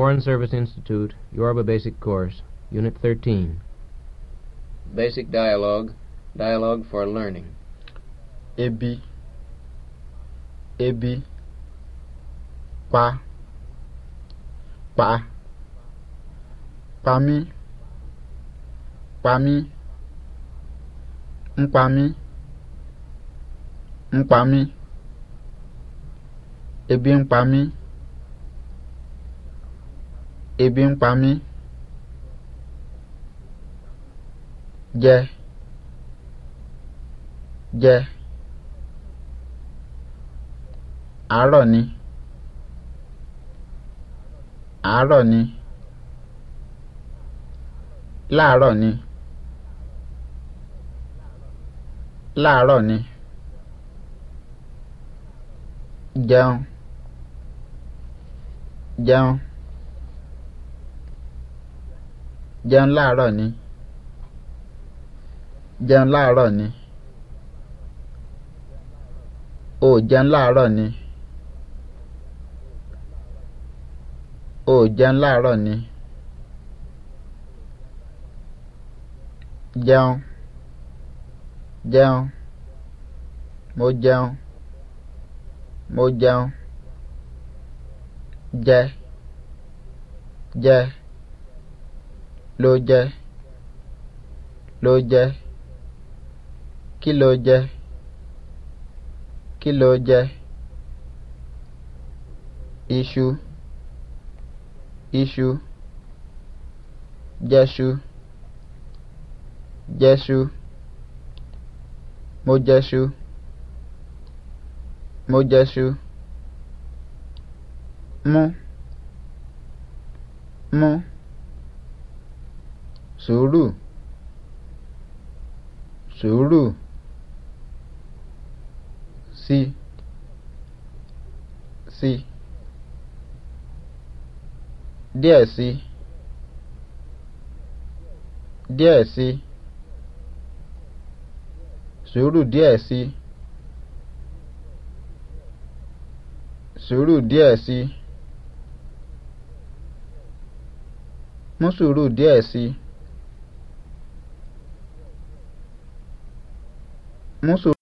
Foreign Service Institute, Yoruba Basic Course, Unit 13. Basic Dialogue, Dialogue for Learning. Ebi. Ebi. Pa. Pa. Pami. Pami. Mpami. Mpami. Ebi mpami. ebi ń pa mí jẹ jẹ àárọ̀ ni àárọ̀ ni láàárọ̀ ni láàárọ̀ ni jẹun jẹun. jẹun láàárọ̀ ni jẹun láàárọ̀ ni o jẹun láàárọ̀ ni o jẹun láàárọ̀ ni jẹun jẹun mo jẹun mo jẹun jẹ jẹ ló jẹ́ ló jẹ́ kí ló jẹ́ kí ló jẹ́ iṣu iṣu jẹ́ṣu jẹ́ṣu mo jẹ́ṣu mo jẹ́ṣu mú mú sùúrù sùúrù sí sí díẹ̀ sí díẹ̀ sí sùúrù díẹ̀ sí sùúrù díẹ̀ sí mú sùúrù díẹ̀ sí. Si. muso